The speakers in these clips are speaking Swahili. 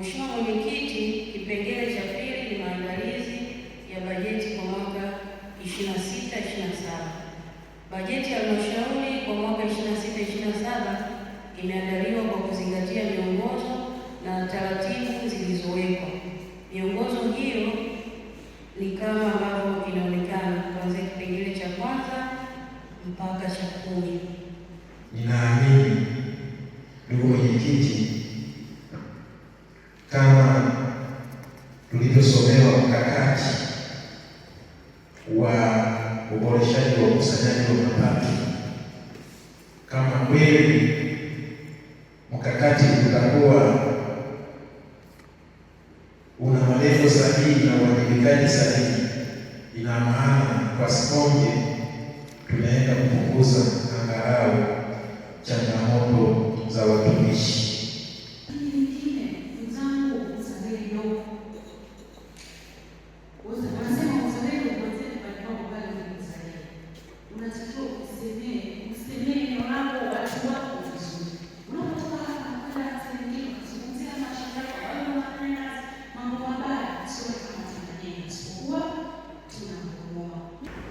Mheshimiwa Mwenyekiti, kipengele cha pili ni maandalizi ya bajeti kwa mwaka 26 27. Bajeti ya halmashauri kwa mwaka 26 27 imeandaliwa kwa kuzingatia miongozo na taratibu zilizowekwa. Miongozo hiyo ni kama ambavyo inaonekana kuanzia kipengele cha kwanza mpaka cha kumi. Ninaamini tulivyosomewa mkakati wa uboreshaji wa ukusanyaji wa mapato, kama kweli mkakati utakuwa una malengo sahihi na uwajibikaji sahihi, ina maana kwa Sikonge tunaenda kupunguza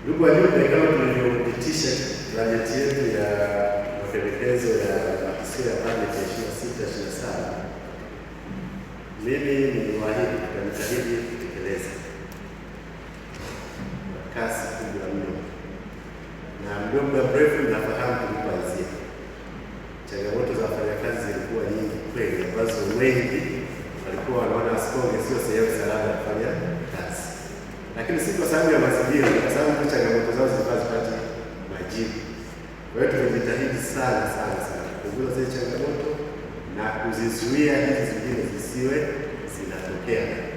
Ndugu wajumbe, kama tulivyopitisha bajeti yetu ya mapendekezo ya makisio ya bajeti ya ishirini na sita ishirini na saba mimi niliwaahidi tutajitahidi kutekeleza kwa kasi kubwa mno, na mlio muda mrefu nafahamu tulikuanzia changamoto za wafanyakazi zilikuwa nyingi kweli, ambazo wengi lakini si kwa sababu ya mazingira, kwa sababu ndio changamoto zao zilikuwa zipati majibu. Kwa hiyo tumejitahidi sana sana sana kupunguza zile changamoto na kuzizuia hizi zingine zisiwe zinatokea.